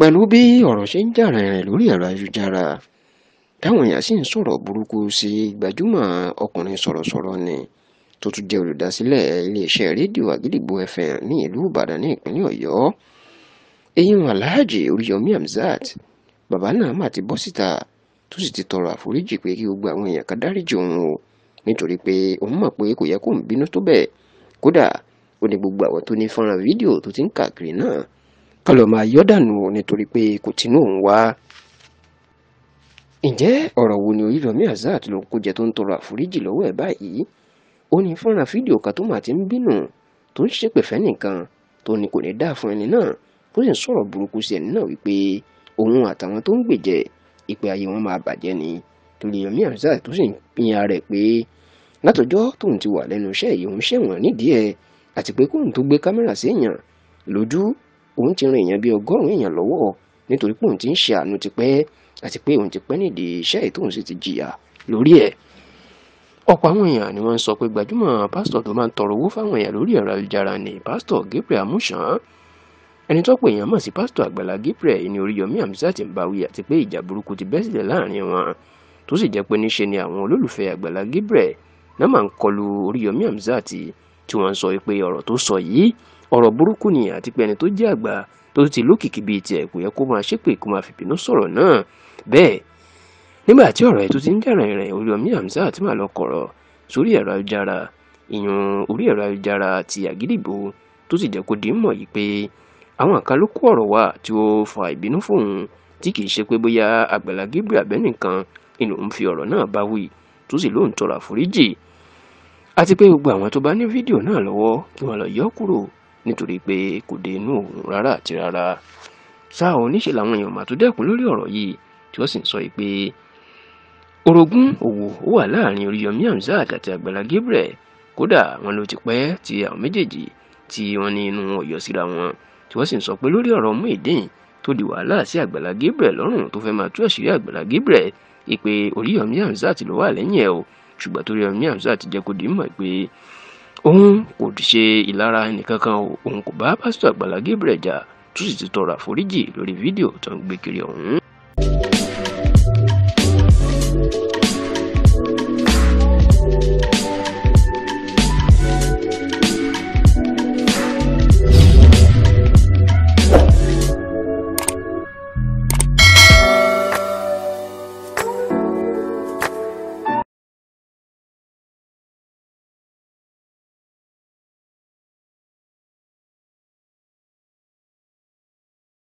pẹ̀lú bí ọ̀rọ̀ ṣe ń jà rìnrìn lórí ẹ̀rọ ayélujára táwọn èèyàn sì ń sọ̀rọ̀ burúkú sí gbajúmọ̀ ọkùnrin sọ̀rọ̀sọ̀rọ̀ ni tó tún jẹ́ olùdásílẹ̀ iléeṣẹ́ rédíò àgídìgbò fm ní ìlú ìbàdàn ní ìpínlẹ̀ ọ̀yọ́ eyín aláàjì oríyọmí hamzat bàbá náà mà ti bọ́ síta tó sì ti tọrọ àforíjì pé kí gbogbo àwọn èèyàn kan dáríjì òun o nítorí pé òun mọ̀ pé kò yẹ kóun bínú tó bẹ́ẹ̀ kódà ó ní gbogbo àwọn tó ní fọ́nrán fídíò tó ti ń kàkiri náà kán lọ máa yọ́ dànù nítorí pé kò tinú òun wá. ǹjẹ́ ọ̀rọ̀ wo ni Oríyọ̀mí Azeez ló kó jẹ tó ń tọrọ àforíjì lọ́wọ́ ẹ̀ báyìí ó ní fọ́nrán fídíò kan tó mà ti ń bínú tó ń ṣépè fẹ́ nìkan tó ní kò ní dáa fún ẹni náà tó sì ń sọ̀rọ̀ burúkú sí ẹni náà wípé òun àtàwọn tó ń gbèjẹ́ ìpè ayé wọn máa bàjẹ́ ni Oríyọ̀mí Azeez tó sì ń pín ara rẹ̀ pé látọjọ́ tóun ti wà lẹ́nu iṣẹ́ yìí òun ti ran èèyàn bíi ọgọ́rùn-ún èèyàn lọ́wọ́ nítorí pé òun ti ń ṣe àánú tipẹ́ àti pé òun ti pẹ́ nídìí iṣẹ́ èyí tóun sì ti jìyà lórí ẹ̀ ọ̀pọ̀ àwọn èèyàn ni wọ́n ń sọ pé gbajúmọ̀ pásítọ̀ tó máa ń tọrọ owó fáwọn èèyàn lórí ẹ̀rọ ayélujára ni pásítọ̀ Gabriel Amusan ẹni tọ́pọ̀ èèyàn mọ̀ sí pásítọ̀ Àgbàlá Gabriel ẹni Oríyọmí Hamzat ń báwí àti pé ìjà burúkú ti bẹ́ sílẹ̀ láàrin wọn tó sì jẹ́ pé níṣe ni àwọn olólùfẹ́ Àgbàlá Gabriel náà máa ń kọlu Oríyọmí Hamzat tí wọ́n ń sọ pé ọ̀rọ̀ tó sọ yìí ọ̀rọ̀ burúkú ni àti pé ẹni tó jẹ́ àgbà tó ti lókìkí bíi tiẹ̀ kò yẹ kó máa ṣépè kó máa fìbínú sọ̀rọ̀ náà bẹ́ẹ̀ nígbà tí ọ̀rọ̀ ẹ̀ tó ti ń jà rìnrìn Olúyọmí Hamzat máa lọ kọ̀rọ̀ sórí ẹ̀rọ ayélujára ìyún orí ẹ̀rọ ayélujára ti àgídìgbò tó sì jẹ́ kó di mọ̀ yìí pé àwọn kan ló kó ọ̀rọ̀ wá tí ó fa ìbínú fóun tí kì í ṣe pé bóyá Àgbàlá Gabriel abẹ́nìkan inú ń fi ọ̀rọ̀ náà bá wí tó sì lóun tọrọ àforíjì àti pé gbogbo àwọn tó bá ní fídíò náà lọ́wọ́ kí wọ́n lọ yọ kúrò nítorí pé kò dé inú òun rárá àti rárá ṣá ò níṣe làwọn èèyàn màtó dẹ́kun lórí ọ̀rọ̀ yìí tí wọ́n sì ń sọ yìí pé orogún òwò ó wà láàrin Oríyọmí Hamzat àti Àgbàlá Gabriel kódà wọn ló ti pẹ́ ti àwọn méjèèjì tí wọ́n ní inú ọ̀yọ́ síra wọn tí wọ́n sì ń sọ pé lórí ọ̀rọ̀ Muyideen tó di wàhálà sí Àgbàlá Gabriel lọ́rùn tó fẹ́ máa tú àṣírí Àgbàlá Gabriel ìpè Oríyọmí Hamzat ló wà lẹ́yìn ẹ̀ o ṣùgbọ́n tó Oríyọmí Hamzat jẹ́ kó dì í mọ̀ pé òun kò ṣe ìlara ẹnìkankan o òun kò bá pásítọ̀ Àgbàlá Gabriel jà tó sì ti tọrọ àforíjì lórí fídíò tó ń gbé kiri ọ̀hún.